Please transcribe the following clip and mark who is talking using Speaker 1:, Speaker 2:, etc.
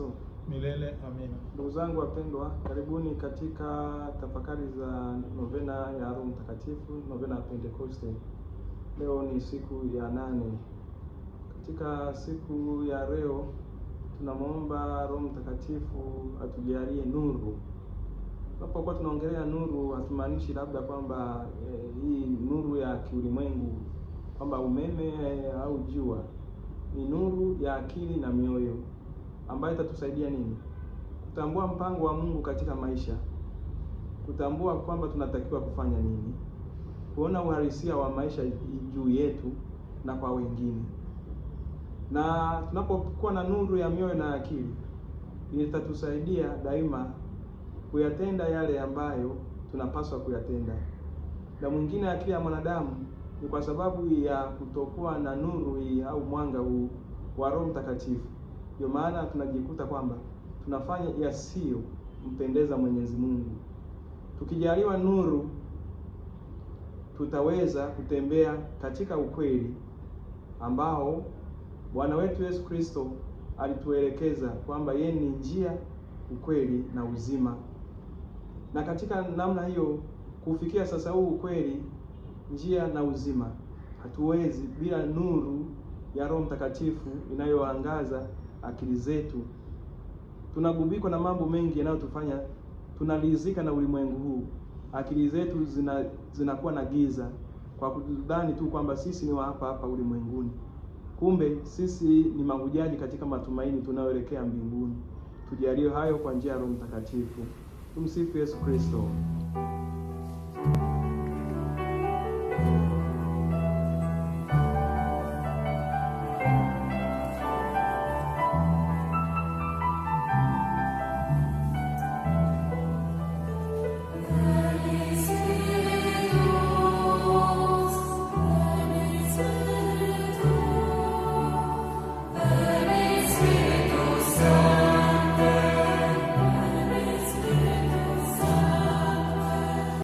Speaker 1: Kristo
Speaker 2: milele. Amina.
Speaker 1: Ndugu zangu wapendwa, karibuni katika tafakari za novena ya Roho Mtakatifu, novena ya Pentekoste. Leo ni siku ya nane. Katika siku ya leo tunamwomba Roho Mtakatifu atujalie nuru. Tunapokuwa tunaongelea nuru, hatumaanishi labda kwamba eh, hii nuru ya kiulimwengu kwamba umeme eh, au jua. Ni nuru ya akili na mioyo ambayo itatusaidia nini? Kutambua mpango wa Mungu katika maisha, kutambua kwamba tunatakiwa kufanya nini, kuona uhalisia wa maisha juu yetu na kwa wengine. Na tunapokuwa na nuru ya mioyo na akili, itatusaidia daima kuyatenda yale ambayo tunapaswa kuyatenda. Na mwingine, akili ya mwanadamu ni kwa sababu ya kutokuwa na nuru hii au mwanga huu wa Roho Mtakatifu ndio maana tunajikuta kwamba tunafanya mpendeza Mwenyezi Mungu. Tukijaliwa nuru, tutaweza kutembea katika ukweli ambao Bwana wetu Yesu Kristo alituelekeza kwamba yeye ni njia, ukweli na uzima. Na katika namna hiyo kufikia sasa huu ukweli, njia na uzima, hatuwezi bila nuru ya Roho Mtakatifu inayoangaza akili zetu. Tunagubikwa na mambo mengi yanayotufanya tunalizika na ulimwengu huu. Akili zetu zina, zinakuwa na giza kwa kudhani tu kwamba sisi ni wa hapa hapa ulimwenguni. Kumbe sisi ni mahujaji katika matumaini tunayoelekea mbinguni. Tujaliwe hayo kwa njia ya Roho Mtakatifu. Tumsifu Yesu Kristo.